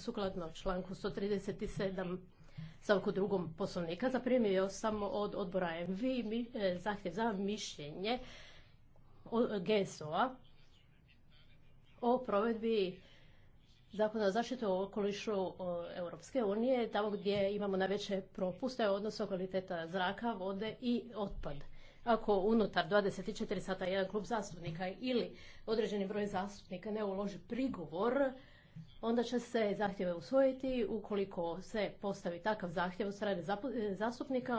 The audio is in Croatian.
Sukladno članku 137 stavku drugom poslovnika zaprimio sam od odbora MV e, zahtjev za mišljenje GSO-a o provedbi Zakona o zaštiti okolišu Europske unije, tamo gdje imamo najveće propuste, odnosno kvaliteta zraka, vode i otpad. Ako unutar 24 sata jedan klub zastupnika ili određeni broj zastupnika ne uloži prigovor, onda će se zahtjeve usvojiti. Ukoliko se postavi takav zahtjev od strane e, zastupnika,